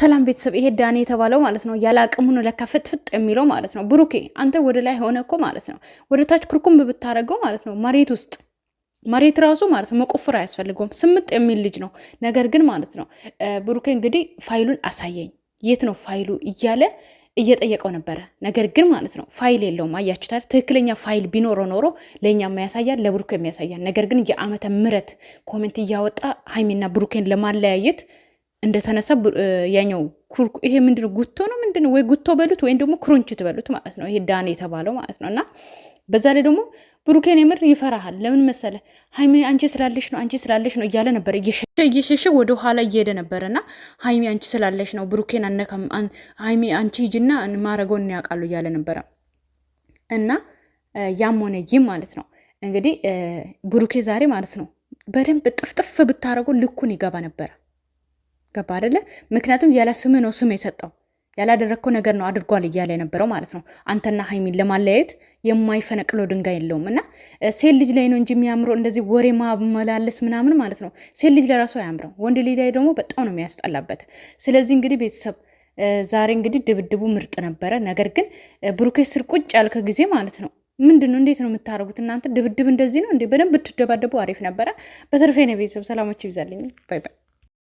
ሰላም ቤተሰብ፣ ይሄ ዳኔ የተባለው ማለት ነው ያለ አቅም ለካ ፍጥፍጥ የሚለው ማለት ነው። ብሩኬ አንተ ወደ ላይ ሆነ እኮ ማለት ነው፣ ወደ ታች ክርኩም ብታደረገው ማለት ነው መሬት ውስጥ መሬት ራሱ ማለት ነው መቆፈር አያስፈልገውም። ስምጥ የሚል ልጅ ነው። ነገር ግን ማለት ነው ብሩኬ እንግዲህ ፋይሉን አሳየኝ የት ነው ፋይሉ እያለ እየጠየቀው ነበረ። ነገር ግን ማለት ነው ፋይል የለውም። አያችታል። ትክክለኛ ፋይል ቢኖረው ኖሮ ለእኛ የሚያሳያል፣ ለብሩኬ የሚያሳያል። ነገር ግን የአመተ ምሕረት ኮሜንት እያወጣ ሀይሜና ብሩኬን ለማለያየት እንደተነሳ ያኛው ይሄ ምንድነው ጉቶ ነው ምንድነው? ወይ ጉቶ በሉት ወይም ደግሞ ክሩንች ትበሉት ማለት ነው። ይሄ ዳን የተባለው ማለት ነው። እና በዛ ላይ ደግሞ ብሩኬን የምር ይፈራሃል። ለምን መሰለ ሀይሚ አንቺ ስላለሽ ነው አንቺ ስላለሽ ነው እያለ ነበር፣ እየሸሸ ወደ ኋላ እየሄደ ነበር። እና ሀይሚ አንቺ ስላለሽ ነው ብሩኬን አነካም፣ ሀይሚ አንቺ ሂጂና ማረገውን ያውቃሉ እያለ ነበረ። እና ያም ሆነ ይህ ማለት ነው እንግዲህ ብሩኬ ዛሬ ማለት ነው በደንብ ጥፍጥፍ ብታረገው ልኩን ይገባ ነበረ። ገባ አደለ? ምክንያቱም ያለ ስም ነው ስም የሰጠው ያላደረግከው ነገር ነው አድርጓል እያለ የነበረው ማለት ነው። አንተና ሀይሚን ለማለያየት የማይፈነቅለው ድንጋይ የለውም። እና ሴት ልጅ ላይ ነው እንጂ የሚያምረው እንደዚህ ወሬ ማመላለስ ምናምን ማለት ነው። ሴት ልጅ ለራሱ አያምረው፣ ወንድ ልጅ ላይ ደግሞ በጣም ነው የሚያስጠላበት። ስለዚህ እንግዲህ ቤተሰብ ዛሬ እንግዲህ ድብድቡ ምርጥ ነበረ። ነገር ግን ብሩኬ ስር ቁጭ ያልከ ጊዜ ማለት ነው ምንድን ነው እንዴት ነው የምታደርጉት እናንተ? ድብድብ እንደዚህ ነው እንዴ? በደንብ ብትደባደቡ አሪፍ ነበረ። በተረፈ ነው ቤተሰብ ሰላሞች ይብዛልኝ። ባይ ባይ።